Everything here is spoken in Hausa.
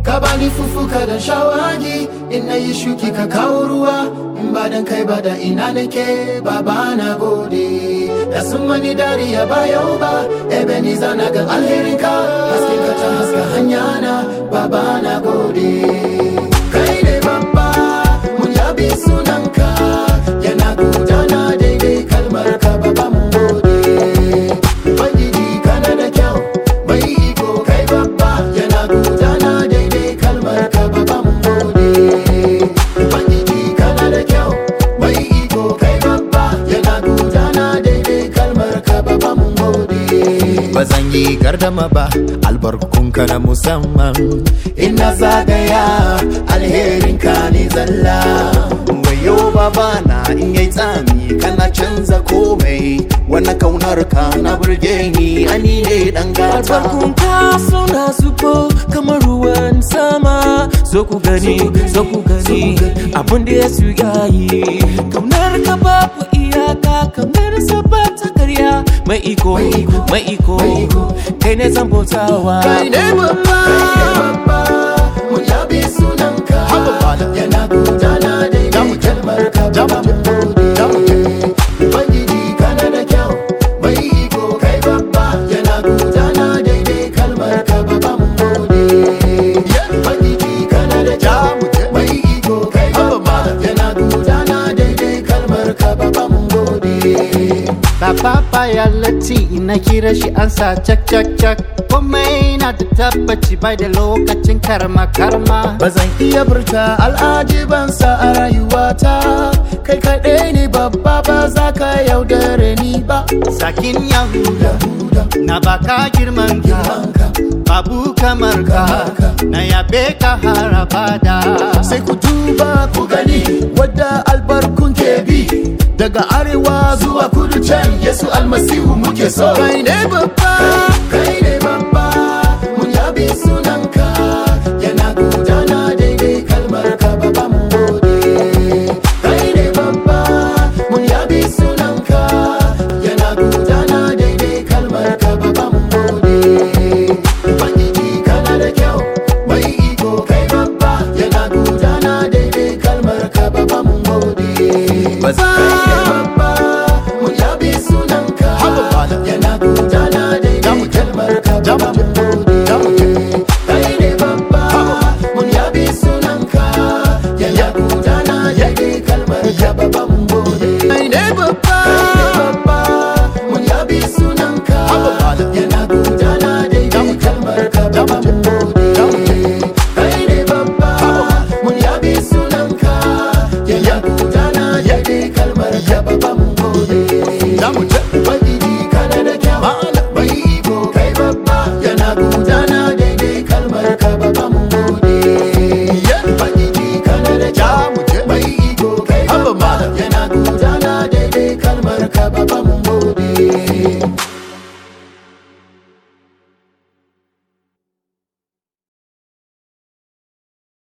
ka bani fufuka da shawagi in na yi shuki ka kawo ruwa in ba dan kai ba da ina nake baba na gode da sun mani ya ba yau ba ebe ni zana ga alherinka hasken ka haska hanya na baba na gode yi gardama ba albarkunka na musamman ina zagaya alherinka ne zalla wayo baba na in yi tsami kana canza komai wannan kaunar ka na burge ni ani ne dan gata albarkunka suna zubo kamar ruwan sama so ku gani so ku gani abin da ya yayi kaunar ka babu iyaka kamar sabata karya mai iko mai iko kai ne zan bautawa kai ne babba mun yabe sunanka yana guda baya latti na kira shi an sa cak cak cak komai na da tabbaci bai da lokacin karma karma ba zan iya burta sa a rayuwata kai kaɗai ne babba ba za ka yaudare ni ba sakin yahuda na baka girman ka babu kamar ka na yabe ka harabada sai ku duba ku gani wadda albarkun ke bi daga arewa zuwa kudu shan Yesu almasihu muke so kai ne babba